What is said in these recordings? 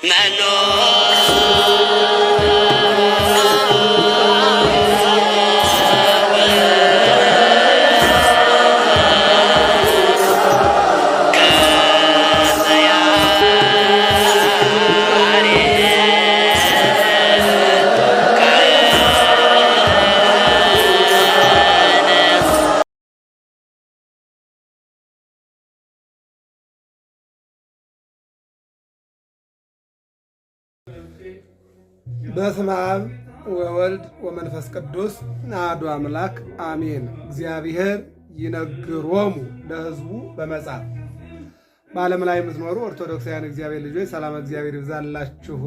Mano. ቅዱስ ናዱ አምላክ አሜን። እግዚአብሔር ይነግሮሙ ለሕዝቡ በመጽሐፍ በዓለም ላይ የምትኖሩ ኦርቶዶክሳውያን እግዚአብሔር ልጆች ሰላም እግዚአብሔር ይብዛላችሁ።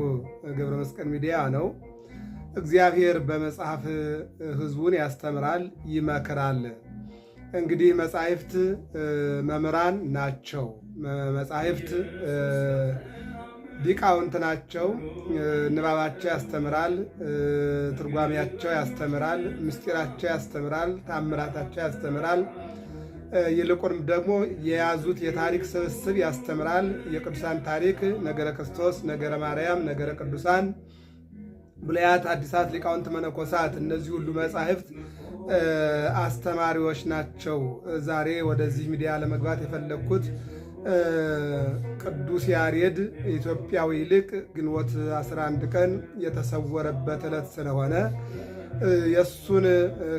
ገብረ መስቀል ሚዲያ ነው። እግዚአብሔር በመጽሐፍ ሕዝቡን ያስተምራል፣ ይመክራል። እንግዲህ መጻሕፍት መምህራን ናቸው። መጻሕፍት ሊቃውንት ናቸው። ንባባቸው ያስተምራል፣ ትርጓሜያቸው ያስተምራል፣ ምስጢራቸው ያስተምራል፣ ታምራታቸው ያስተምራል። ይልቁንም ደግሞ የያዙት የታሪክ ስብስብ ያስተምራል። የቅዱሳን ታሪክ ነገረ ክርስቶስ፣ ነገረ ማርያም፣ ነገረ ቅዱሳን፣ ብሉያት፣ አዲሳት፣ ሊቃውንት መነኮሳት፣ እነዚህ ሁሉ መጻሕፍት አስተማሪዎች ናቸው። ዛሬ ወደዚህ ሚዲያ ለመግባት የፈለግኩት ቅዱስ ያሬድ ኢትዮጵያዊ ሊቅ ግንቦት 11 ቀን የተሰወረበት ዕለት ስለሆነ የእሱን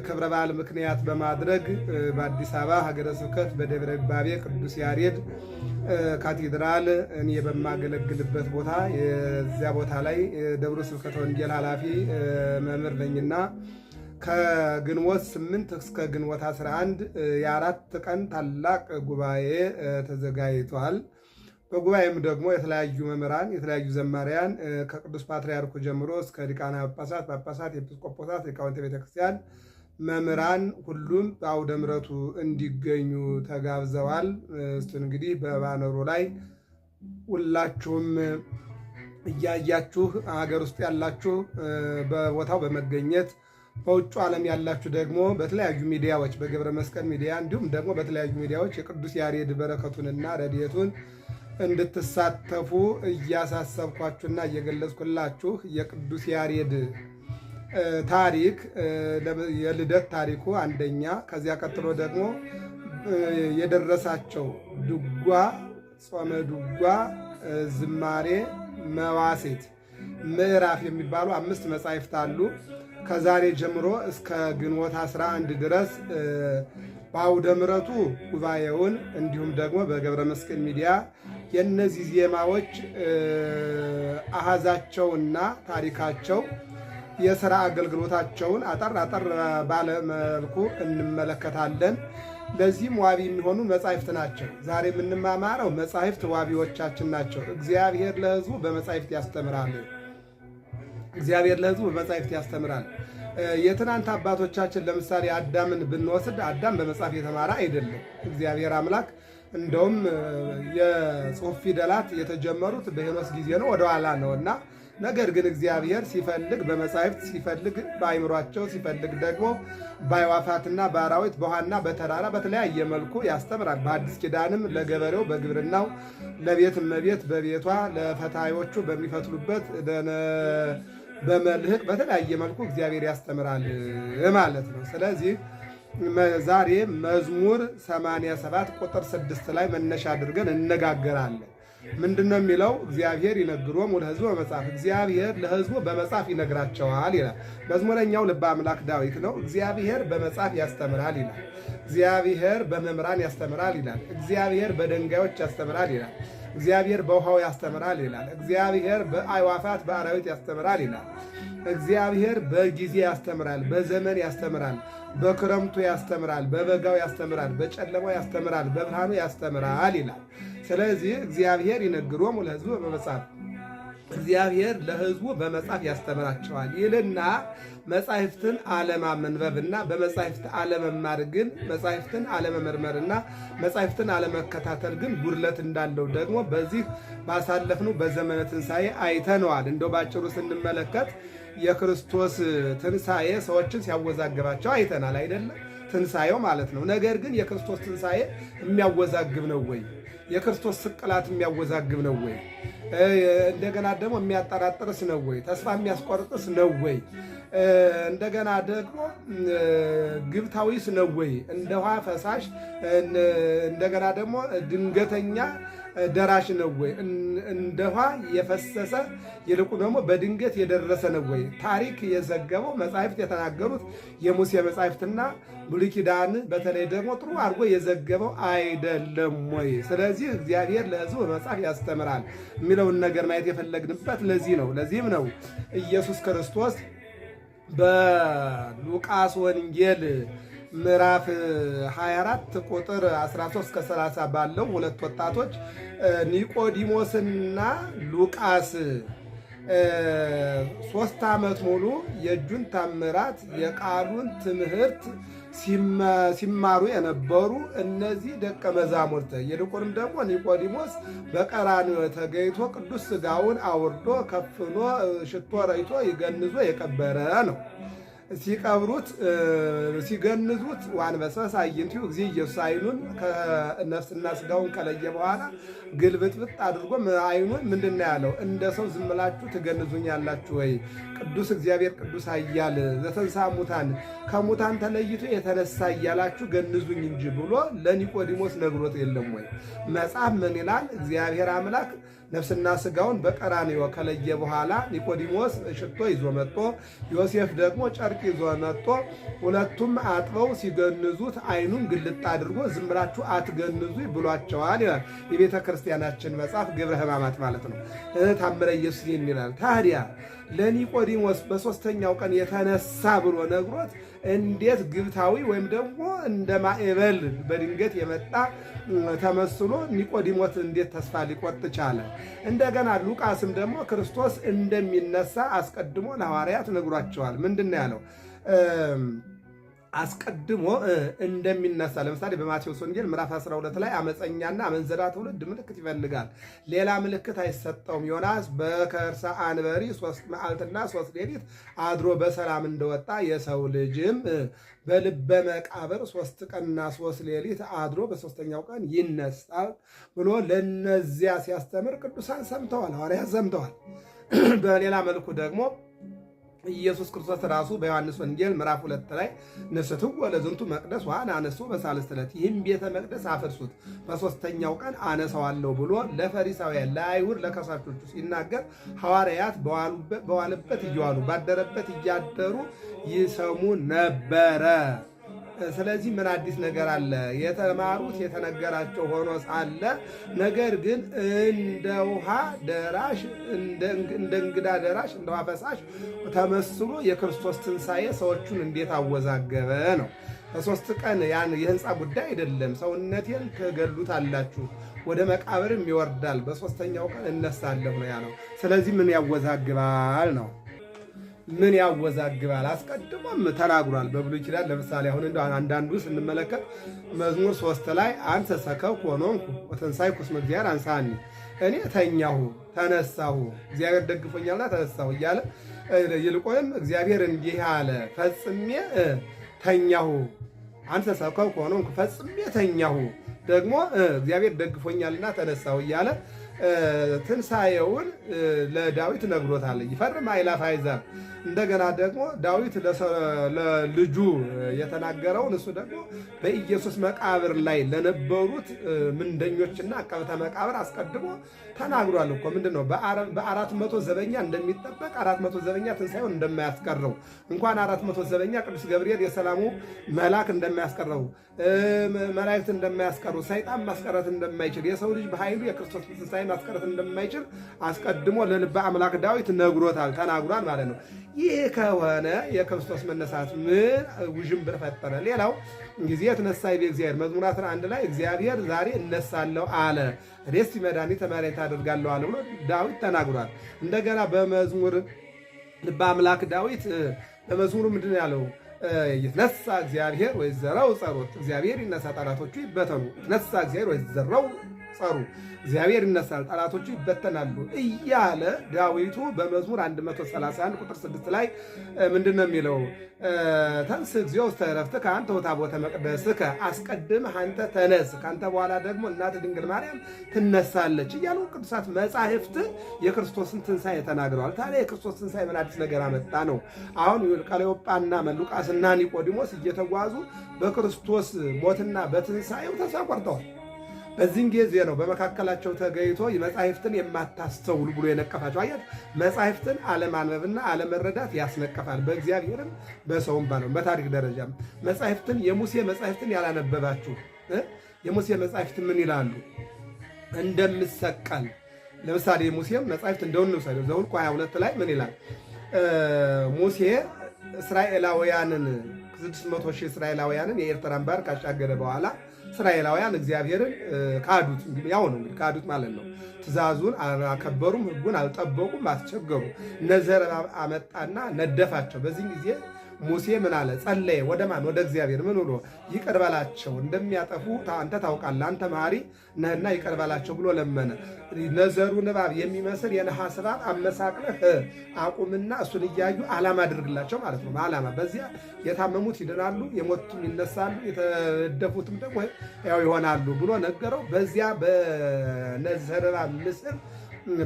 ክብረ በዓል ምክንያት በማድረግ በአዲስ አበባ ሀገረ ስብከት በደብረ ባቤ ቅዱስ ያሬድ ካቴድራል እኔ በማገለግልበት ቦታ የዚያ ቦታ ላይ ደብረ ስብከት ወንጌል ኃላፊ መምህር ነኝና ከግንቦት 8 እስከ ግንቦት 11 የአራት ቀን ታላቅ ጉባኤ ተዘጋጅቷል። በጉባኤም ደግሞ የተለያዩ መምህራን፣ የተለያዩ ዘማሪያን ከቅዱስ ፓትርያርኩ ጀምሮ እስከ ዲቃና ጳጳሳት፣ ጳጳሳት፣ ኤጲስቆጶሳት፣ ሊቃውንተ ቤተክርስቲያን፣ መምህራን ሁሉም በአውደ ምሕረቱ እንዲገኙ ተጋብዘዋል። እሱን እንግዲህ በባነሩ ላይ ሁላችሁም እያያችሁ ሀገር ውስጥ ያላችሁ በቦታው በመገኘት በውጭ ዓለም ያላችሁ ደግሞ በተለያዩ ሚዲያዎች በገብረ መስቀል ሚዲያ እንዲሁም ደግሞ በተለያዩ ሚዲያዎች የቅዱስ ያሬድ በረከቱንና ረድኤቱን እንድትሳተፉ እያሳሰብኳችሁና እየገለጽኩላችሁ የቅዱስ ያሬድ ታሪክ የልደት ታሪኩ አንደኛ፣ ከዚያ ቀጥሎ ደግሞ የደረሳቸው ድጓ፣ ጾመ ድጓ፣ ዝማሬ፣ መዋሴት፣ ምዕራፍ የሚባሉ አምስት መጻሕፍት አሉ። ከዛሬ ጀምሮ እስከ ግንቦት 11 ድረስ በአውደ ምረቱ ጉባኤውን እንዲሁም ደግሞ በገብረ መስቀል ሚዲያ የእነዚህ ዜማዎች አሃዛቸውና ታሪካቸው የሥራ አገልግሎታቸውን አጠር አጠር ባለ መልኩ እንመለከታለን። ለዚህም ዋቢ የሚሆኑ መጻሕፍት ናቸው። ዛሬ የምንማማረው መጻሕፍት ዋቢዎቻችን ናቸው። እግዚአብሔር ለሕዝቡ በመጻሕፍት ያስተምራል። እግዚአብሔር ለሕዝቡ በመጻሕፍት ያስተምራል። የትናንት አባቶቻችን ለምሳሌ አዳምን ብንወስድ አዳም በመጽሐፍ የተማረ አይደለም። እግዚአብሔር አምላክ እንደውም የጽሑፍ ፊደላት የተጀመሩት በሄኖስ ጊዜ ነው፣ ወደኋላ ነው እና ነገር ግን እግዚአብሔር ሲፈልግ በመጻሕፍት ሲፈልግ በአይምሯቸው ሲፈልግ ደግሞ በአዕዋፋትና በአራዊት በውሃና በተራራ በተለያየ መልኩ ያስተምራል። በአዲስ ኪዳንም ለገበሬው በግብርናው፣ ለቤት እመቤት በቤቷ፣ ለፈታዮቹ በሚፈትሉበት በመልህቅ በተለያየ መልኩ እግዚአብሔር ያስተምራል ማለት ነው። ስለዚህ ዛሬ መዝሙር 87 ቁጥር 6 ላይ መነሻ አድርገን እነጋገራለን። ምንድን ነው የሚለው? እግዚአብሔር ይነግሮም ለሕዝቡ በመጽሐፍ እግዚአብሔር ለሕዝቡ በመጽሐፍ ይነግራቸዋል ይላል። መዝሙረኛው ልበ አምላክ ዳዊት ነው። እግዚአብሔር በመጽሐፍ ያስተምራል ይላል። እግዚአብሔር በመምህራን ያስተምራል ይላል። እግዚአብሔር በድንጋዮች ያስተምራል ይላል። እግዚአብሔር በውሃው ያስተምራል ይላል። እግዚአብሔር በአይዋፋት በአራዊት ያስተምራል ይላል። እግዚአብሔር በጊዜ ያስተምራል፣ በዘመን ያስተምራል፣ በክረምቱ ያስተምራል፣ በበጋው ያስተምራል፣ በጨለማው ያስተምራል፣ በብርሃኑ ያስተምራል ይላል። ስለዚህ እግዚአብሔር ይነግሮም ለሕዝቡ በመጽሐፍ እግዚአብሔር ለሕዝቡ በመጽሐፍ ያስተምራቸዋል ይልና መጻሕፍትን አለማመንበብና በመጻሕፍት አለመማር ግን መጻሕፍትን አለመመርመርና መጻሕፍትን አለመከታተል ግን ጉድለት እንዳለው ደግሞ በዚህ ባሳለፍነው በዘመነ ትንሣኤ አይተነዋል። እንደው ባጭሩ ስንመለከት የክርስቶስ ትንሣኤ ሰዎችን ሲያወዛግባቸው አይተናል አይደለም? ትንሣኤው ማለት ነው። ነገር ግን የክርስቶስ ትንሣኤ የሚያወዛግብ ነው ወይ? የክርስቶስ ስቅላት የሚያወዛግብ ነው ወይ? እንደገና ደግሞ የሚያጠራጥርስ ነው ወይ? ተስፋ የሚያስቆርጥስ ነው ወይ? እንደገና ደግሞ ግብታዊስ ነው ወይ እንደ ውሃ ፈሳሽ፣ እንደገና ደግሞ ድንገተኛ ደራሽ ነው ወይ እንደ ውሃ የፈሰሰ ይልቁ ደግሞ በድንገት የደረሰ ነው ወይ? ታሪክ የዘገበው መጻሕፍት የተናገሩት የሙሴ መጻሕፍትና ብሉይ ኪዳን በተለይ ደግሞ ጥሩ አድርጎ የዘገበው አይደለም ወይ? ስለዚህ እግዚአብሔር ለሕዝቡ መጽሐፍ ያስተምራል የሚለውን ነገር ማየት የፈለግንበት ለዚህ ነው። ለዚህም ነው ኢየሱስ ክርስቶስ በሉቃስ ወንጌል ምዕራፍ 24 ቁጥር 13 እስከ 30 ባለው ሁለት ወጣቶች ኒቆዲሞስና ሉቃስ ሶስት ዓመት ሙሉ የእጁን ታምራት የቃሉን ትምህርት ሲማሩ የነበሩ እነዚህ ደቀ መዛሙርት ይልቁንም ደግሞ ኒቆዲሞስ በቀራንዮ ተገኝቶ ቅዱስ ሥጋውን አውርዶ ከፍኖ ሽቶ ረጭቶ ይገንዞ የቀበረ ነው። ሲቀብሩት ሲገንዙት ዋንበሰ አዕይንቲሁ እግዚእ ኢየሱስ አይኑን ከነፍስና ስጋውን ከለየ በኋላ ግልብጥብጥ አድርጎ አይኑን ምንድን ነው ያለው? እንደ ሰው ዝምላችሁ ትገንዙኛላችሁ ወይ? ቅዱስ እግዚአብሔር ቅዱስ አያል ዘተንሳ ሙታን ከሙታን ተለይቶ የተነሳ እያላችሁ ገንዙኝ እንጂ ብሎ ለኒቆዲሞስ ነግሮት የለም ወይ? መጽሐፍ ምን ይላል? እግዚአብሔር አምላክ ነፍስና ስጋውን በቀራንዮ ከለየ በኋላ ኒቆዲሞስ ሽቶ ይዞ መጥቶ ዮሴፍ ደግሞ ጨርቅ ይዞ መጥቶ ሁለቱም አጥበው ሲገንዙት አይኑን ግልጥ አድርጎ ዝም አትገንዙ ብሏቸዋል ይላል የቤተ ክርስቲያናችን መጽሐፍ ግብረ ሕማማት ማለት ነው። ታምረ ኢየሱስ ይላል ታዲያ ለኒቆዲሞስ በሶስተኛው ቀን የተነሳ ብሎ ነግሮት እንዴት ግብታዊ ወይም ደግሞ እንደ ማዕበል በድንገት የመጣ ተመስሎ ኒቆዲሞስ እንዴት ተስፋ ሊቆርጥ ቻለ? እንደገና ሉቃስም ደግሞ ክርስቶስ እንደሚነሳ አስቀድሞ ለሐዋርያት ነግሯቸዋል። ምንድን ነው ያለው? አስቀድሞ እንደሚነሳ ለምሳሌ በማቴዎስ ወንጌል ምዕራፍ 12 ላይ አመፀኛና አመንዘራ ትውልድ ምልክት ይፈልጋል፣ ሌላ ምልክት አይሰጠውም። ዮናስ በከርሰ አንበሪ ሶስት መዓልትና ሶስት ሌሊት አድሮ በሰላም እንደወጣ የሰው ልጅም በልበ መቃብር ሶስት ቀንና ሶስት ሌሊት አድሮ በሶስተኛው ቀን ይነሳል ብሎ ለነዚያ ሲያስተምር ቅዱሳን ሰምተዋል፣ ሐዋርያት ሰምተዋል። በሌላ መልኩ ደግሞ ኢየሱስ ክርስቶስ ራሱ በዮሐንስ ወንጌል ምዕራፍ ሁለት ላይ ንስትወ ለዝንቱ መቅደስ ዋን አነሱ በሳልስት ዕለት ይህም ቤተ መቅደስ አፍርሱት በሶስተኛው ቀን አነሳዋለሁ ብሎ ለፈሪሳውያን ለአይሁድ ለከሳቾቹ ሲናገር ሐዋርያት በዋለበት እየዋሉ ባደረበት እያደሩ ይሰሙ ነበረ። ስለዚህ ምን አዲስ ነገር አለ? የተማሩት የተነገራቸው ሆኖ ሳለ ነገር ግን እንደ ውሃ ደራሽ እንደ እንግዳ ደራሽ እንደ ውሃ ፈሳሽ ተመስሎ የክርስቶስ ትንሣኤ ሰዎቹን እንዴት አወዛገበ ነው። ከሶስት ቀን ያን የህንፃ ጉዳይ አይደለም። ሰውነቴን ትገሉታላችሁ፣ ወደ መቃብርም ይወርዳል፣ በሶስተኛው ቀን እነሳለሁ ነው ያለው። ስለዚህ ምን ያወዛግባል ነው ምን ያወዛግባል? አስቀድሞም ተናግሯል በብሉይ ኪዳን። ለምሳሌ አሁን እንደ አንዳንዱ ስንመለከት መዝሙር ሶስት ላይ አንተ ሰከው ወኖንኩ ወተንሳይ እስመ እግዚአብሔር አንሳኒ፣ እኔ ተኛሁ ተነሳሁ እግዚአብሔር ደግፎኛልና ተነሳሁ እያለ ይልቁንም እግዚአብሔር እንዲህ አለ ፈጽሜ ተኛሁ አንተ ሰከው ወኖንኩ ፈጽሜ ተኛሁ ደግሞ እግዚአብሔር ደግፎኛልና ተነሳሁ እያለ ትንሣኤውን ለዳዊት ነግሮታል። ይፈርም አይላፍ አይዛብ። እንደገና ደግሞ ዳዊት ለልጁ የተናገረውን እሱ ደግሞ በኢየሱስ መቃብር ላይ ለነበሩት ምንደኞችና አቀበተ መቃብር አስቀድሞ ተናግሯል እኮ ምንድን ነው በአራት መቶ ዘበኛ እንደሚጠበቅ አራት መቶ ዘበኛ ትንሣኤውን እንደማያስቀረው እንኳን አራት መቶ ዘበኛ ቅዱስ ገብርኤል የሰላሙ መልአክ እንደማያስቀረው መላእክት እንደማያስቀሩ ሰይጣን ማስቀረት እንደማይችል የሰው ልጅ በኃይሉ የክርስቶስ ትንሣኤ ላይ ማስቀረት እንደማይችል አስቀድሞ ለልበ አምላክ ዳዊት ነግሮታል፣ ተናግሯል ማለት ነው። ይህ ከሆነ የክርስቶስ መነሳት ምን ውዥንብር ፈጠረ? ሌላው ጊዜ የተነሳ በእግዚአብሔር መዝሙር 11 ላይ እግዚአብሔር ዛሬ እነሳለሁ አለ ሬስ መድኃኒተ መሬት አደርጋለሁ አለ ብሎ ዳዊት ተናግሯል። እንደገና በመዝሙር ልበ አምላክ ዳዊት በመዝሙሩ ምንድን ያለው ይትነሳ እግዚአብሔር ወይ ዘረው ጸሮት እግዚአብሔር ይነሳ ጠላቶቹ ይበተኑ። ይትነሳ እግዚአብሔር ወይ ዘረው ጸሩ እግዚአብሔር ይነሳል፣ ጠላቶቹ ይበተናሉ እያለ ዳዊቱ በመዝሙር 131 ቁጥር 6 ላይ ምንድን ነው የሚለው? ተንስ እግዚኦ ውስተ ዕረፍትከ አንተ ወታቦተ መቅደስከ፣ አስቀድመህ አንተ ተነስ፣ ከአንተ በኋላ ደግሞ እናት ድንግል ማርያም ትነሳለች እያሉ ቅዱሳት መጻሕፍት የክርስቶስን ትንሣኤ ተናግረዋል። ታዲያ የክርስቶስ ትንሣኤ ምን አዲስ ነገር አመጣ ነው? አሁን ቀለዮጳና መሉቃስና ኒቆዲሞስ እየተጓዙ በክርስቶስ ሞትና በትንሣኤው ተስፋ ቆርጠዋል። በዚህም ጊዜ ነው በመካከላቸው ተገይቶ መጻሕፍትን የማታስተውል ብሎ የነቀፋቸው። አያት መጻሕፍትን አለማንበብና አለመረዳት ያስነቀፋል፣ በእግዚአብሔርም በሰውም ባለው በታሪክ ደረጃም መጻሕፍትን የሙሴ መጻሕፍትን ያላነበባችሁ የሙሴ መጻሕፍት ምን ይላሉ? እንደምሰቀል ለምሳሌ የሙሴም መጻሕፍት እንደው እንውሰደው ዘኍልቍ 22 ላይ ምን ይላል? ሙሴ እስራኤላውያንን 600 ሺህ እስራኤላውያንን የኤርትራን ባህር ካሻገረ በኋላ እስራኤላውያን እግዚአብሔርን ካዱት። ያው ነው እንግዲህ ካዱት ማለት ነው። ትእዛዙን አላከበሩም፣ ህጉን አልጠበቁም፣ አስቸገሩ። ነዘር አመጣና ነደፋቸው። በዚህ ጊዜ ሙሴ ምን አለ? ጸለየ ወደ ማን? ወደ እግዚአብሔር ምን ብሎ ይቅር በላቸው እንደሚያጠፉ አንተ ታውቃለህ፣ አንተ መሐሪ ነህና ይቅር በላቸው ብሎ ለመነ። ነዘሩ ንባብ የሚመስል የነሐስ እባብ አመሳቅለህ አቁምና እሱን እያዩ ዓላማ አድርግላቸው ማለት ነው። ዓላማ በዚያ የታመሙት ይድናሉ፣ የሞቱም ይነሳሉ፣ የተደፉትም ደግሞ ያው ይሆናሉ ብሎ ነገረው። በዚያ በነዘር እባብ ምስል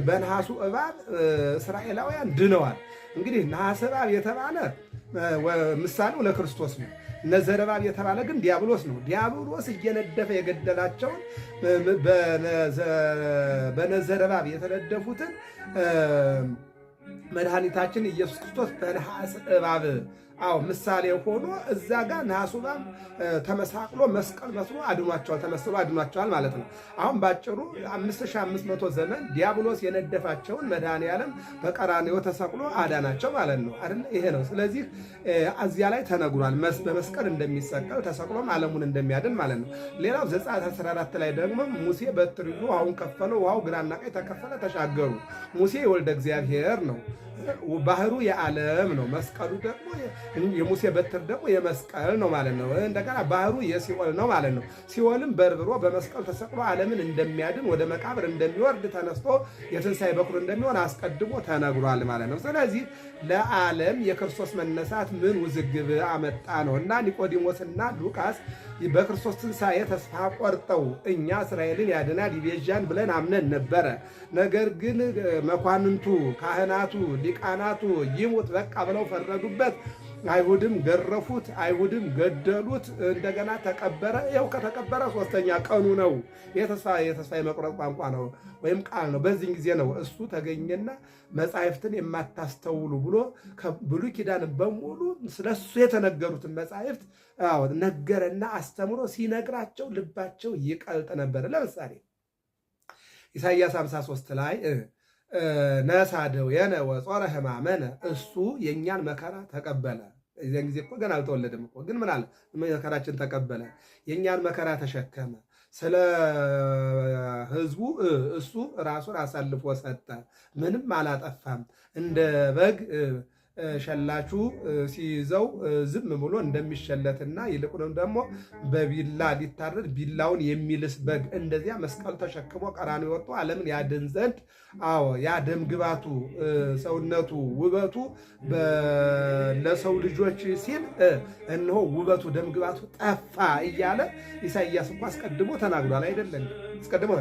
በነሐሱ እባብ እስራኤላውያን ድነዋል። እንግዲህ ነሐስ እባብ የተባለ ምሳሌው ለክርስቶስ ነው። ለዘረባብ የተባለ ግን ዲያብሎስ ነው። ዲያብሎስ እየነደፈ የገደላቸውን በነዘረባብ የተነደፉትን መድኃኒታችን ኢየሱስ ክርስቶስ በነሐስ እባብ አዎ ምሳሌ ሆኖ እዛ ጋር ናሱባም ተመሳቅሎ መስቀል መስሎ አድኗቸዋል፣ ተመስሎ አድኗቸዋል ማለት ነው። አሁን ባጭሩ 5500 ዘመን ዲያብሎስ የነደፋቸውን መድኃኔዓለም በቀራንዮ ተሰቅሎ አዳናቸው ማለት ነው አይደል? ይሄ ነው። ስለዚህ እዚያ ላይ ተነግሯል፣ በመስቀል እንደሚሰቀል ተሰቅሎም ዓለሙን እንደሚያድን ማለት ነው። ሌላው ዘጸአት 14 ላይ ደግሞ ሙሴ በትር ይዞ ውሃውን ከፈለው፣ ውሃው ግራና ቀኝ ተከፈለ፣ ተሻገሩ። ሙሴ የወልደ እግዚአብሔር ነው። ባህሩ የዓለም ነው። መስቀሉ ደግሞ የሙሴ በትር ደግሞ የመስቀል ነው ማለት ነው። እንደገና ባህሩ የሲኦል ነው ማለት ነው። ሲኦልም በርብሮ በመስቀል ተሰቅሎ ዓለምን እንደሚያድን ወደ መቃብር እንደሚወርድ ተነስቶ የትንሣኤ በኩር እንደሚሆን አስቀድሞ ተነግሯል ማለት ነው። ስለዚህ ለዓለም የክርስቶስ መነሳት ምን ውዝግብ አመጣ ነው እና ኒቆዲሞስና ሉቃስ በክርስቶስ ትንሣኤ ተስፋ ቆርጠው እኛ እስራኤልን ያድናል ይቤዣን ብለን አምነን ነበረ። ነገር ግን መኳንንቱ ካህናቱ ዲቃናቱ ይሙት በቃ ብለው ፈረዱበት። አይሁድም ገረፉት፣ አይሁድም ገደሉት። እንደገና ተቀበረ። ይኸው ከተቀበረ ሶስተኛ ቀኑ ነው። የተስፋ የተስፋ የመቁረጥ ቋንቋ ነው ወይም ቃል ነው። በዚህን ጊዜ ነው እሱ ተገኘና መጻሕፍትን የማታስተውሉ ብሎ ብሉይ ኪዳን በሙሉ ስለሱ የተነገሩትን መጻሕፍት ነገረና አስተምሮ ሲነግራቸው ልባቸው ይቀልጥ ነበር። ለምሳሌ ኢሳይያስ 53 ላይ ነሳደው የነ ወጾረ ህማመነ እሱ የእኛን መከራ ተቀበለ። እዚያን ጊዜ እኮ ገና አልተወለደም እኮ ግን ምን አለ? መከራችን ተቀበለ፣ የእኛን መከራ ተሸከመ። ስለ ህዝቡ እሱ ራሱን አሳልፎ ሰጠ። ምንም አላጠፋም እንደ በግ ሸላቹ ሲይዘው ዝም ብሎ እንደሚሸለትና ይልቁንም ደግሞ በቢላ ሊታረድ ቢላውን የሚልስ በግ እንደዚያ መስቀሉ ተሸክሞ ቀራንዮ ወጥቶ ዓለምን ያድን ዘንድ አዎ ያ ደም ግባቱ ሰውነቱ ውበቱ ለሰው ልጆች ሲል እነሆ ውበቱ ደም ግባቱ ጠፋ እያለ ኢሳይያስ እኮ አስቀድሞ ተናግሯል አይደለም? አስቀድሞ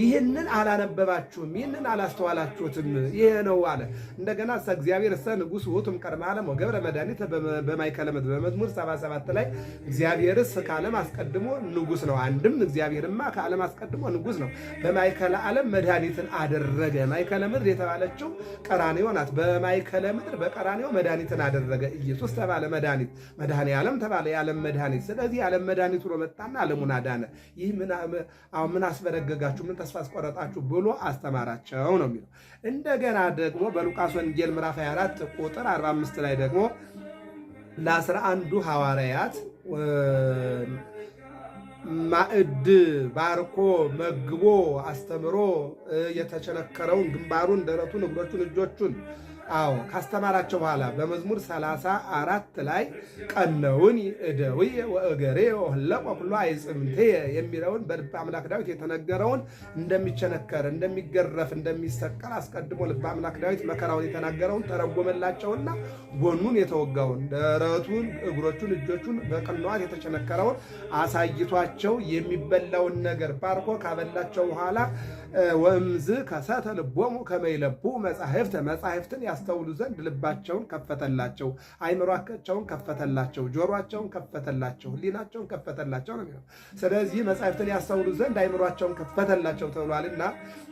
ይህንን አላነበባችሁም፣ ይህንን አላስተዋላችሁትም፣ ይሄ ነው አለ። እንደገና ሰ እግዚአብሔር ሰ ንጉሥ ውእቱም ቀድመ ዓለም ወገብረ መድኃኒት በማእከለ ምድር በመዝሙር 77 ላይ እግዚአብሔር ስ ከዓለም አስቀድሞ ንጉሥ ነው። አንድም እግዚአብሔርማ ከዓለም አስቀድሞ ንጉሥ ነው። በማእከለ ዓለም መድኃኒትን አደረገ። ማእከለ ምድር የተባለችው ቀራንዮ ናት። በማእከለ ምድር በቀራንዮ መድኃኒትን አደረገ። ኢየሱስ ተባለ መድኃኒት፣ መድኃኔ ዓለም ተባለ የዓለም መድኃኒት። ስለዚህ የዓለም መድኃኒት ብሎ መጣና ዓለሙን አዳነ። ይህ ምን አስበረገጋችሁ? ምን ተስፋ አስቆረጣችሁ? ብሎ አስተማራቸው ነው የሚለው። እንደገና ደግሞ በሉቃስ ወንጌል ምዕራፍ 24 ቁጥር 45 ላይ ደግሞ ለአስራ አንዱ ሐዋርያት ማዕድ ባርኮ መግቦ አስተምሮ የተቸነከረውን ግንባሩን፣ ደረቱን፣ እግሮቹን፣ እጆቹን አዎ ካስተማራቸው በኋላ በመዝሙር ሰላሳ አራት ላይ ቀነውን እደዊ ወእገሬ ወህለቆ ሁሉ አይጽምቴ የሚለውን በልበ አምላክ ዳዊት የተነገረውን እንደሚቸነከር፣ እንደሚገረፍ፣ እንደሚሰቀል አስቀድሞ ልበ አምላክ ዳዊት መከራውን የተናገረውን ተረጎመላቸውና ጎኑን የተወጋውን ደረቱን፣ እግሮቹን፣ እጆቹን በቅንዋት የተቸነከረውን አሳይቷቸው የሚበላውን ነገር ባርኮ ካበላቸው በኋላ ወእምዝ ከሰተ ልቦሙ ከመይለቡ መጻሕፍተ መጻሕፍትን ያስተውሉ ዘንድ ልባቸውን ከፈተላቸው፣ አይምሯቸውን ከፈተላቸው፣ ጆሯቸውን ከፈተላቸው፣ ህሊናቸውን ከፈተላቸው ነው የሚለው። ስለዚህ መጻሕፍትን ያስተውሉ ዘንድ አይምሯቸውን ከፈተላቸው ተብሏልና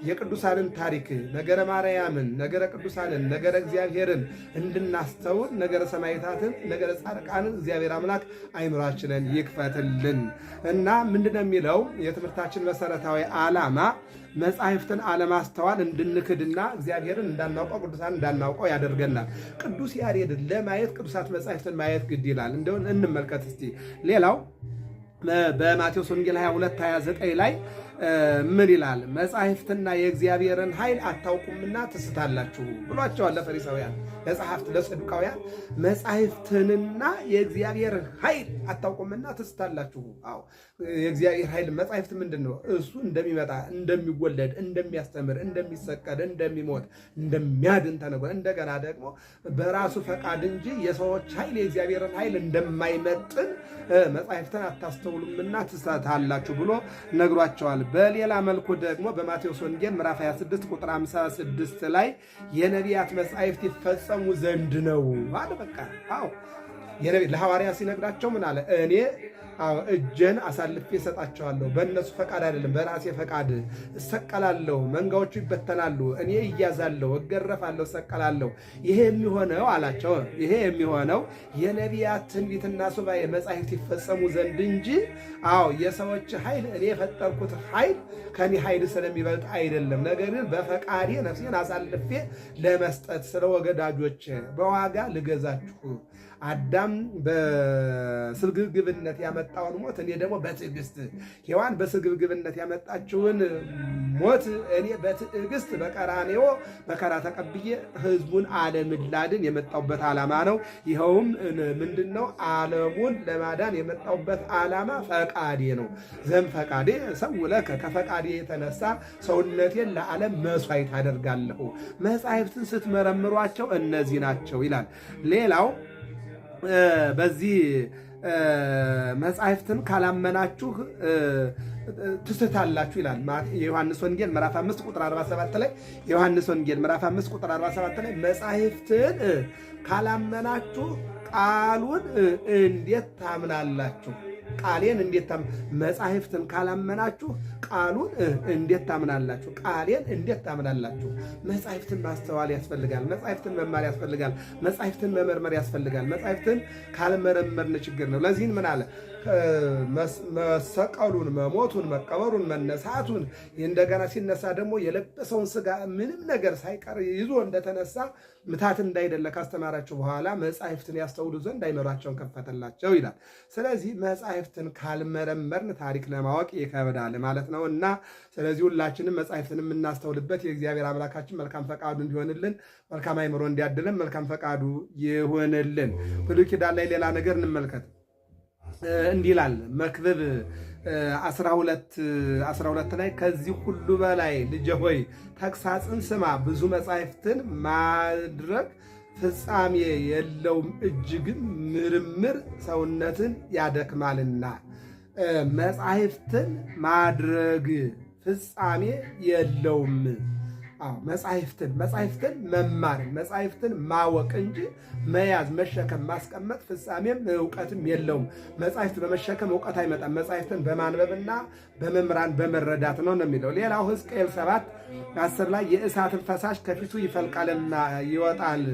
የቅዱሳንን ታሪክ ነገረ ማርያምን፣ ነገረ ቅዱሳንን፣ ነገረ እግዚአብሔርን እንድናስተውል ነገረ ሰማይታትን፣ ነገረ ጻድቃንን እግዚአብሔር አምላክ አይምሯችንን ይክፈትልን እና ምንድነው የሚለው የትምህርታችን መሰረታዊ ዓላማ መጻሕፍትን አለማስተዋል እንድንክድና እግዚአብሔርን እንዳናውቀው ቅዱሳን እንዳናውቀው ያደርገናል። ቅዱስ ያሬድ ለማየት ቅዱሳት መጻሕፍትን ማየት ግድ ይላል። እንደውን እንመልከት እስቲ። ሌላው በማቴዎስ ወንጌል 22 29 ላይ ምን ይላል? መጻሕፍትና የእግዚአብሔርን ኃይል አታውቁምና ትስታላችሁ ብሏቸዋል ለፈሪሳውያን፣ ለጸሐፍት፣ ለሰዱቃውያን መጻሕፍትንና የእግዚአብሔርን ኃይል አታውቁምና ትስታላችሁ። አዎ የእግዚአብሔር ኃይል መጻሕፍት ምንድን ነው? እሱ እንደሚመጣ እንደሚወለድ፣ እንደሚያስተምር፣ እንደሚሰቀል፣ እንደሚሞት፣ እንደሚያድን ተነግሮ እንደገና ደግሞ በራሱ ፈቃድ እንጂ የሰዎች ኃይል የእግዚአብሔርን ኃይል እንደማይመጥን መጻሕፍትን አታስተውሉምና ትስታላችሁ ብሎ ነግሯቸዋል። በሌላ መልኩ ደግሞ በማቴዎስ ወንጌል ምዕራፍ 26 ቁጥር 56 ላይ የነቢያት መጻሕፍት ይፈጸሙ ዘንድ ነው አለ። በቃ አዎ ለሐዋርያ ሲነግራቸው ምን አለ? እኔ እጄን አሳልፌ እሰጣቸዋለሁ። በእነሱ ፈቃድ አይደለም፣ በራሴ ፈቃድ እሰቀላለሁ። መንጋዎቹ ይበተናሉ፣ እኔ እያዛለሁ፣ እገረፋለሁ፣ እሰቀላለሁ። ይሄ የሚሆነው አላቸው፣ ይሄ የሚሆነው የነቢያት ትንቢትና ሱባኤ መጻሕፍት ይፈጸሙ ዘንድ እንጂ አዎ የሰዎች ኃይል እኔ የፈጠርኩት ኃይል ከኔ ኃይል ስለሚበልጥ አይደለም። ነገር ግን በፈቃዴ ነፍሴን አሳልፌ ለመስጠት ስለ ወገዳጆች በዋጋ ልገዛችሁ አዳም በስግብግብነት ያመጣውን ሞት እኔ ደግሞ በትዕግስት፣ ሔዋን በስግብግብነት ያመጣችውን ሞት እኔ በትዕግስት በቀራኔዎ መከራ ተቀብዬ ህዝቡን ዓለምን ላድን አላማ ዓላማ ነው። ይኸውም ምንድን ነው? ዓለሙን ለማዳን የመጣውበት ዓላማ ፈቃዴ ነው። ዘም ፈቃዴ ሰው ለከ ከፈቃዴ የተነሳ ሰውነቴን ለዓለም መስዋዕት አደርጋለሁ። መጻሕፍትን ስትመረምሯቸው እነዚህ ናቸው ይላል። ሌላው በዚህ መጽሐፍትን ካላመናችሁ ትስታላችሁ ይላል የዮሐንስ ወንጌል ምዕራፍ 5 ቁጥር 47 ላይ የዮሐንስ ወንጌል ምዕራፍ 5 ቁጥር 47 ላይ መጽሐፍትን ካላመናችሁ ቃሉን እንዴት ታምናላችሁ? ቃሌን እንዴት መጻሕፍትን ካላመናችሁ ቃሉን እንዴት ታምናላችሁ? ቃሌን እንዴት ታምናላችሁ? መጻሕፍትን ማስተዋል ያስፈልጋል። መጻሕፍትን መማር ያስፈልጋል። መጻሕፍትን መመርመር ያስፈልጋል። መጻሕፍትን ካልመረመርን ችግር ነው። ለዚህን ምን አለ መሰቀሉን፣ መሞቱን፣ መቀበሩን፣ መነሳቱን እንደገና ሲነሳ ደግሞ የለበሰውን ስጋ ምንም ነገር ሳይቀር ይዞ እንደተነሳ ምታት እንዳይደለ ካስተማራቸው በኋላ መጻሕፍትን ያስተውሉ ዘንድ አይምሯቸውን ከፈተላቸው ይላል። ስለዚህ መጻሕፍትን ካልመረመርን ታሪክ ለማወቅ ይከብዳል ማለት ነው እና ስለዚህ ሁላችንም መጻሕፍትን የምናስተውልበት የእግዚአብሔር አምላካችን መልካም ፈቃዱ እንዲሆንልን መልካም አይምሮ እንዲያድልን መልካም ፈቃዱ ይሆንልን። ብሉይ ኪዳን ላይ ሌላ ነገር እንመልከት። እንዲላል መክብብ 12 12 ላይ ከዚህ ሁሉ በላይ ልጄ ሆይ ተግሳጽን ስማ፣ ብዙ መጻሕፍትን ማድረግ ፍጻሜ የለውም፣ እጅግም ምርምር ሰውነትን ያደክማልና። መጻሕፍትን ማድረግ ፍጻሜ የለውም። መጻሕፍትን መጻሕፍትን መማር መጻሕፍትን ማወቅ እንጂ መያዝ፣ መሸከም፣ ማስቀመጥ ፍጻሜም እውቀትም የለውም። መጻሕፍት በመሸከም እውቀት አይመጣም። መጻሕፍትን በማንበብና በመምህራን በመረዳት ነው ነው የሚለው ሌላው ሕዝቅኤል ሰባት አስር ላይ የእሳትን ፈሳሽ ከፊቱ ይፈልቃልና ይወጣል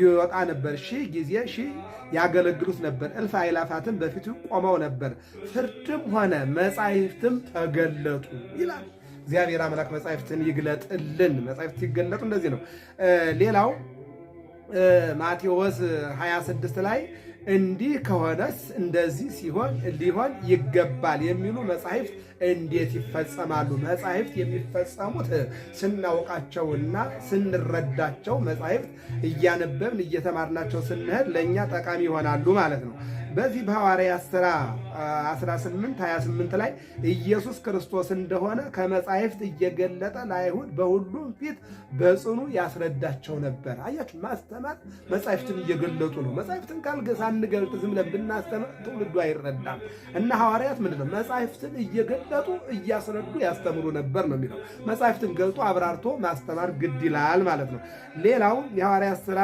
ይወጣ ነበር ሺህ ጊዜ ሺህ ያገለግሉት ነበር እልፍ አእላፋትን በፊቱ ቆመው ነበር ፍርድም ሆነ መጻሕፍትም ተገለጡ ይላል። እግዚአብሔር አምላክ መጻሕፍትን ይግለጥልን። መጻሕፍት ሲገለጡ እንደዚህ ነው። ሌላው ማቴዎስ 26 ላይ እንዲህ ከሆነስ እንደዚህ ሲሆን ሊሆን ይገባል የሚሉ መጻሕፍት እንዴት ይፈጸማሉ? መጻሕፍት የሚፈጸሙት ስናውቃቸውና ስንረዳቸው፣ መጻሕፍት እያነበብን እየተማርናቸው ስንሄድ ለእኛ ጠቃሚ ይሆናሉ ማለት ነው። በዚህ በሐዋርያት ሥራ 18 28 ላይ ኢየሱስ ክርስቶስ እንደሆነ ከመጻሕፍት እየገለጠ ለአይሁድ በሁሉም ፊት በጽኑ ያስረዳቸው ነበር። አያችሁ፣ ማስተማር መጻሕፍትን እየገለጡ ነው። መጻሕፍትን ሳንገልጥ ዝም ብለን ብናስተምር ትውልዱ አይረዳም እና ሐዋርያት ነው? መጻሕፍትን እየገለጡ እያስረዱ ያስተምሩ ነበር ነው የሚለው። መጻሕፍትን ገልጦ አብራርቶ ማስተማር ግድ ይላል ማለት ነው። ሌላው የሐዋርያት ሥራ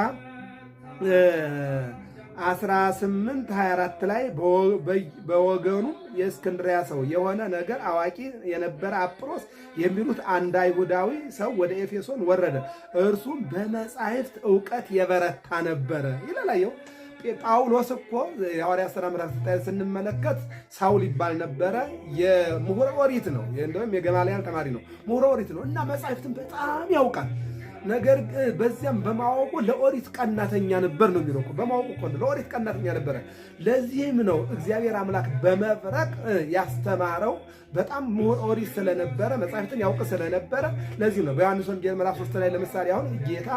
1824 ላይ በወገኑ የእስክንድሪያ ሰው የሆነ ነገር አዋቂ የነበረ አጵሮስ የሚሉት አንድ አይሁዳዊ ሰው ወደ ኤፌሶን ወረደ። እርሱም በመጻሕፍት ዕውቀት የበረታ ነበረ ይላላየው። ጳውሎስ እኮ የሐዋርያ ሥራ ምዕራፍ 9 ስንመለከት ሳውል ይባል ነበረ። የምሁረ ኦሪት ነው፣ እንደውም የገማልያል ተማሪ ነው፣ ምሁረ ኦሪት ነው እና መጻሕፍትን በጣም ያውቃል። ነገር በዚያም በማወቁ ለኦሪት ቀናተኛ ነበር ነው የሚለው። በማወቁ እኮ ለኦሪት ቀናተኛ ነበረ። ለዚህም ነው እግዚአብሔር አምላክ በመብረቅ ያስተማረው በጣም ምሁር ኦሪት ስለነበረ መጽሐፍትን ያውቅ ስለነበረ ለዚህ ነው በዮሐንስ ወንጌል ምዕራፍ ሶስት ላይ ለምሳሌ አሁን ጌታ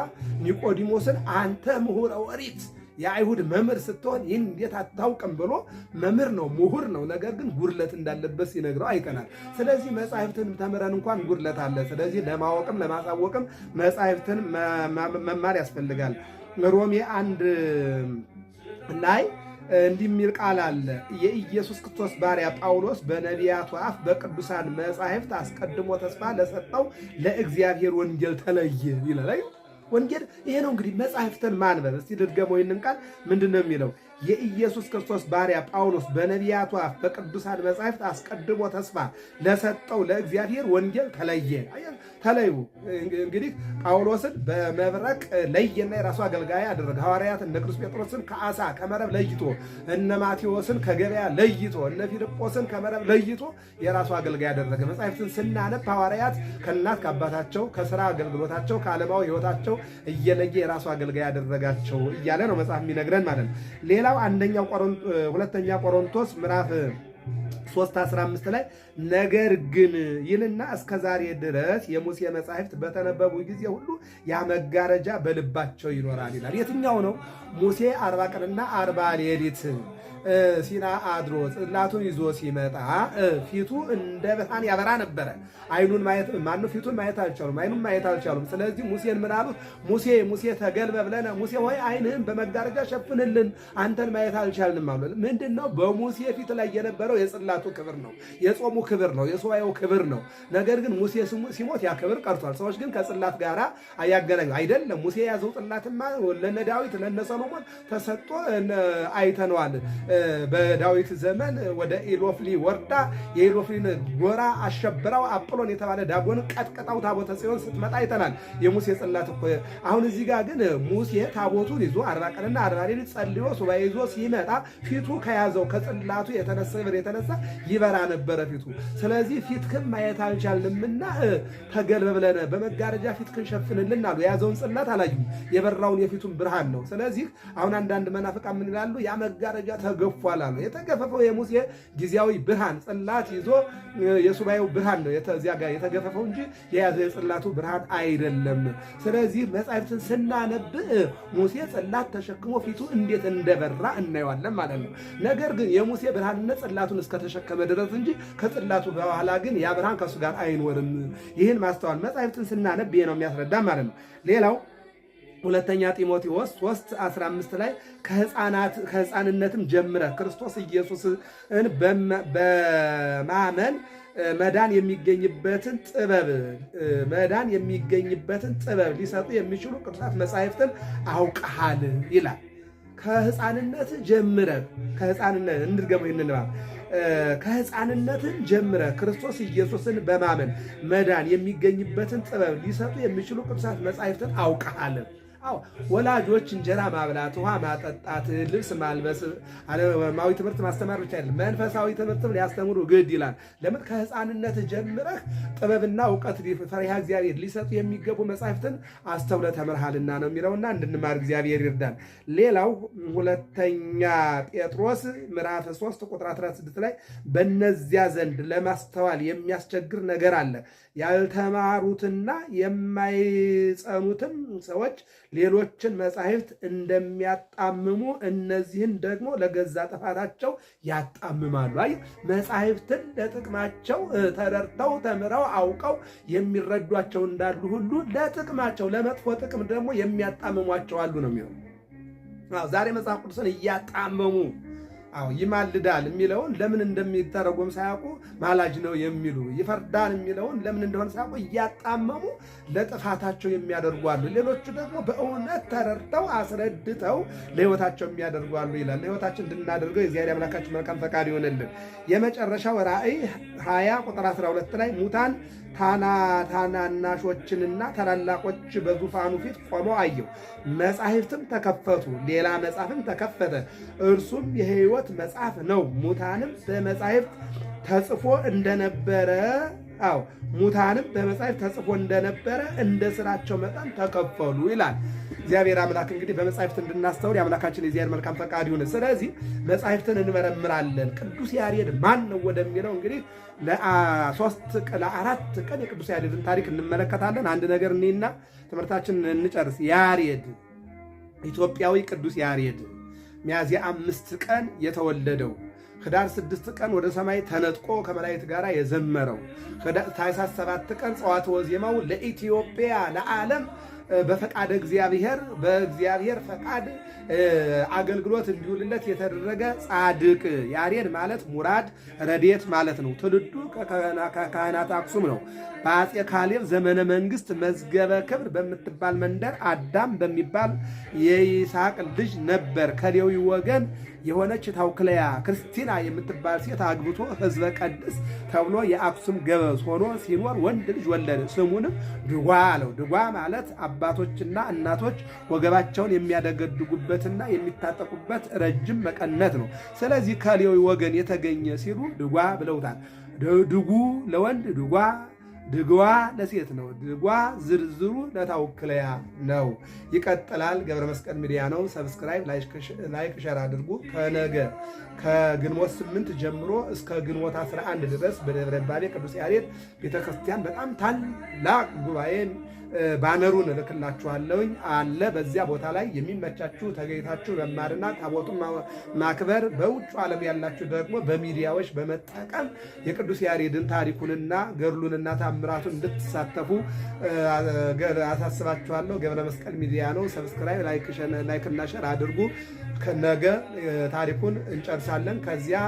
ኒቆዲሞስን አንተ ምሁረ ኦሪት የአይሁድ መምህር ስትሆን ይህን እንዴት አታውቅም ብሎ መምህር ነው፣ ምሁር ነው። ነገር ግን ጉድለት እንዳለበት ሲነግረው አይቀናል። ስለዚህ መጻሕፍትን ተምረን እንኳን ጉድለት አለ። ስለዚህ ለማወቅም ለማሳወቅም መጻሕፍትን መማር ያስፈልጋል። ሮሜ አንድ ላይ እንዲህ የሚል ቃል አለ። የኢየሱስ ክርስቶስ ባሪያ ጳውሎስ በነቢያቱ አፍ በቅዱሳን መጻሕፍት አስቀድሞ ተስፋ ለሰጠው ለእግዚአብሔር ወንጌል ተለየ ይላል። ወንጌል ይሄ ነው እንግዲህ መጽሐፍትን ማንበብ። እስቲ ልድገሞ ይህንን ቃል ምንድን ነው የሚለው? የኢየሱስ ክርስቶስ ባሪያ ጳውሎስ በነቢያቱ አፍ በቅዱሳን መጻሕፍት አስቀድሞ ተስፋ ለሰጠው ለእግዚአብሔር ወንጌል ተለየ። ተለዩ። እንግዲህ ጳውሎስን በመብረቅ ለየና የራሱ አገልጋይ አደረገ። ሐዋርያት እነ ቅዱስ ጴጥሮስን ከአሳ ከመረብ ለይቶ፣ እነ ማቴዎስን ከገበያ ለይቶ፣ እነ ፊልጶስን ከመረብ ለይቶ የራሱ አገልጋይ አደረገ። መጽሐፍትን ስናነብ ሐዋርያት ከእናት ከአባታቸው ከስራ አገልግሎታቸው ከዓለማዊ ሕይወታቸው እየለየ የራሱ አገልጋይ ያደረጋቸው እያለ ነው መጽሐፍ የሚነግረን ማለት ነው። ሌላው አንደኛው ሁለተኛ ቆሮንቶስ ምዕራፍ 3 15 ላይ ነገር ግን ይልና እስከ ዛሬ ድረስ የሙሴ መጻሕፍት በተነበቡ ጊዜ ሁሉ ያ መጋረጃ በልባቸው ይኖራል ይላል። የትኛው ነው? ሙሴ 40 ቀንና 40 ሌሊት ሲና አድሮ ጽላቱን ይዞ ሲመጣ ፊቱ እንደ ብርሃን ያበራ ነበረ። አይኑን ማየት ማነው ፊቱን ማየት አልቻሉም፣ አይኑን ማየት አልቻሉም። ስለዚህ ሙሴን ምን አሉት? ሙሴ ሙሴ ተገልበ ብለነ ሙሴ ሆይ አይንህን በመጋረጃ ሸፍንልን አንተን ማየት አልቻልንም አሉት። ምንድን ነው በሙሴ ፊት ላይ የነበረው የጽላቱ ክብር ነው፣ የጾሙ ክብር ነው፣ የሰዋየው ክብር ነው። ነገር ግን ሙሴ ሲሞት ያ ክብር ቀርቷል። ሰዎች ግን ከጽላት ጋር አያገናኙ አይደለም። ሙሴ የያዘው ጽላትማ ለነ ዳዊት ለነ ሰሎሞን ተሰጥቶ አይተነዋል። በዳዊት ዘመን ወደ ኢሎፍሊ ወርዳ የኢሎፍሊን ጎራ አሸብረው አጵሎን የተባለ ዳጎን ቀጥቅጠው ታቦተ ጽዮን ስትመጣ አይተናል። የሙሴ ጽላት እኮ አሁን እዚህ ጋር ግን ሙሴ ታቦቱን ይዞ አራቀንና ቀንና ጸልዮ ሱባኤ ይዞ ሲመጣ ፊቱ ከያዘው ከጽላቱ የተነሳ ብር የተነሳ ይበራ ነበረ ፊቱ። ስለዚህ ፊትክን ማየት አልቻልንምና ተገልበ በመጋረጃ ፊትክን ሸፍንልን አሉ። የያዘውን ጽላት አላዩ የበራውን የፊቱን ብርሃን ነው። ስለዚህ አሁን አንዳንድ መናፍቃ ምን ይላሉ? ያ መጋረጃ ተገፏል አሉ። የተገፈፈው የሙሴ ጊዜያዊ ብርሃን ጽላት ይዞ የሱባኤው ብርሃን ነው እዚያ ጋር የተገፈፈው እንጂ የያዘ የጽላቱ ብርሃን አይደለም። ስለዚህ መጻሕፍትን ስናነብ ሙሴ ጽላት ተሸክሞ ፊቱ እንዴት እንደበራ እናየዋለን ማለት ነው። ነገር ግን የሙሴ ብርሃንነት ጽላቱን እስከተሸከመ ድረስ እንጂ ከጽላቱ በኋላ ግን ያ ብርሃን ከእሱ ጋር አይኖርም። ይህን ማስተዋል መጻሕፍትን ስናነብ ይሄ ነው የሚያስረዳ ማለት ነው። ሌላው ሁለተኛ ጢሞቴዎስ 3 15 ላይ ከህፃንነትም ጀምረ ክርስቶስ ኢየሱስን በማመን መዳን የሚገኝበትን ጥበብ መዳን የሚገኝበትን ጥበብ ሊሰጡ የሚችሉ ቅዱሳት መጻሕፍትን አውቀሃል ይላል። ከህፃንነት ጀምረ ከህፃንነት እንድገሙ ይህንን ከህፃንነትን ጀምረ ክርስቶስ ኢየሱስን በማመን መዳን የሚገኝበትን ጥበብ ሊሰጡ የሚችሉ ቅዱሳት መጻሕፍትን አውቀሃል። ወላጆች እንጀራ ማብላት፣ ውሃ ማጠጣት፣ ልብስ ማልበስ አለማዊ ትምህርት ማስተማር ብቻ አይደለም፣ መንፈሳዊ ትምህርትም ሊያስተምሩ ግድ ይላል። ለምን ከህፃንነት ጀምረህ ጥበብና እውቀት ፈሪሃ እግዚአብሔር ሊሰጡ የሚገቡ መጻሕፍትን አስተውለ ተምርሃልና ነው የሚለውና እንድንማር እግዚአብሔር ይርዳል። ሌላው ሁለተኛ ጴጥሮስ ምዕራፍ 3 ቁጥር 16 ላይ በእነዚያ ዘንድ ለማስተዋል የሚያስቸግር ነገር አለ፣ ያልተማሩትና የማይጸኑትም ሰዎች ሌሎችን መጻሕፍት እንደሚያጣምሙ እነዚህን ደግሞ ለገዛ ጥፋታቸው ያጣምማሉ። አይ መጻሕፍትን ለጥቅማቸው ተረድተው ተምረው አውቀው የሚረዷቸው እንዳሉ ሁሉ ለጥቅማቸው ለመጥፎ ጥቅም ደግሞ የሚያጣምሟቸው አሉ ነው የሚሆኑ ዛሬ መጽሐፍ ቅዱስን እያጣመሙ አዎ ይማልዳል የሚለውን ለምን እንደሚተረጎም ሳያውቁ ማላጅ ነው የሚሉ ይፈርዳል የሚለውን ለምን እንደሆነ ሳያውቁ እያጣመሙ ለጥፋታቸው የሚያደርጓሉ። ሌሎቹ ደግሞ በእውነት ተረድተው አስረድተው ለሕይወታቸው የሚያደርጓሉ ይላል። ለሕይወታችን እንድናደርገው የእግዚአብሔር አምላካችን መልካም ፈቃድ ይሆንልን። የመጨረሻው ራእይ 20 ቁጥር 12 ላይ ሙታን ታናናሾችንና ታላላቆች በዙፋኑ ፊት ቆመው አየው መጻሕፍትም ተከፈቱ፣ ሌላ መጽሐፍም ተከፈተ፣ እርሱም የሕይወት የሕይወት መጽሐፍ ነው። ሙታንም በመጻሕፍት ተጽፎ እንደነበረ አው ሙታንም በመጻሕፍት ተጽፎ እንደነበረ እንደ ስራቸው መጠን ተከፈሉ ይላል። እግዚአብሔር አምላክ እንግዲህ በመጻሕፍት እንድናስተውል የአምላካችን የእግዚአብሔር መልካም ፈቃድ ይሁን። ስለዚህ መጻሕፍትን እንመረምራለን። ቅዱስ ያሬድ ማን ነው ወደሚለው እንግዲህ ለሶስት ለአራት ቀን የቅዱስ ያሬድን ታሪክ እንመለከታለን። አንድ ነገር እኔና ትምህርታችን እንጨርስ። ያሬድ ኢትዮጵያዊ ቅዱስ ያሬድ ሚያዝያ አምስት ቀን የተወለደው ህዳር ስድስት ቀን ወደ ሰማይ ተነጥቆ ከመላእክት ጋር የዘመረው ታኅሳስ ሰባት ቀን ጸዋትወ ዜማው ለኢትዮጵያ ለዓለም በፈቃደ እግዚአብሔር በእግዚአብሔር ፈቃድ አገልግሎት እንዲውልለት የተደረገ ጻድቅ ያሬድ ማለት ሙራድ ረዴት ማለት ነው። ትውልዱ ከካህናት አክሱም ነው። በአፄ ካሌብ ዘመነ መንግስት መዝገበ ክብር በምትባል መንደር አዳም በሚባል የይስሐቅ ልጅ ነበር ከሌዊ ወገን የሆነች ታውክለያ ክርስቲና የምትባል ሴት አግብቶ ህዝበ ቀድስ ተብሎ የአክሱም ገበዝ ሆኖ ሲኖር ወንድ ልጅ ወለደ። ስሙንም ድጓ አለው። ድጓ ማለት አባቶችና እናቶች ወገባቸውን የሚያደገድጉበትና የሚታጠቁበት ረጅም መቀነት ነው። ስለዚህ ከሌዊ ወገን የተገኘ ሲሉ ድጓ ብለውታል። ድጉ ለወንድ ድጓ ድጓ ለሴት ነው። ድጓ ዝርዝሩ ለታውክለያ ነው። ይቀጥላል። ገብረ መስቀል ሚዲያ ነው። ሰብስክራይብ፣ ላይክ፣ ሸር አድርጉ። ከነገ ከግንቦት 8 ጀምሮ እስከ ግንቦት 11 ድረስ በደብረ ባሌ ቅዱስ ያሬድ ቤተክርስቲያን በጣም ታላቅ ጉባኤ ባነሩን እልክላችኋለሁኝ አለ። በዚያ ቦታ ላይ የሚመቻችሁ ተገኝታችሁ መማርና ታቦቱን ማክበር፣ በውጭ ዓለም ያላችሁ ደግሞ በሚዲያዎች በመጠቀም የቅዱስ ያሬድን ታሪኩንና ገድሉንና ታምራቱን እንድትሳተፉ አሳስባችኋለሁ። ገብረ መስቀል ሚዲያ ነው። ሰብስክራይብ፣ ላይክና ሸር አድርጉ። ነገ ታሪኩን እንጨርሳለን። ከዚያ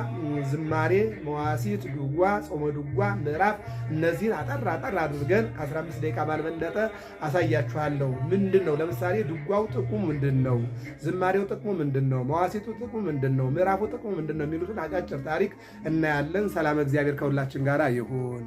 ዝማሬ፣ መዋሲት፣ ድጓ፣ ጾመ ድጓ ምዕራፍ እነዚህን አጠር አጠር አድርገን ከ15 ደቂቃ ባልበለጠ አሳያችኋለሁ። ምንድን ነው ለምሳሌ ድጓው ጥቅሙ ምንድን ነው? ዝማሬው ጥቅሙ ምንድን ነው? መዋሴቱ ጥቅሙ ምንድን ነው? ምዕራፉ ጥቅሙ ምንድን ነው? የሚሉትን አጫጭር ታሪክ እናያለን። ሰላም እግዚአብሔር ከሁላችን ጋር ይሁን።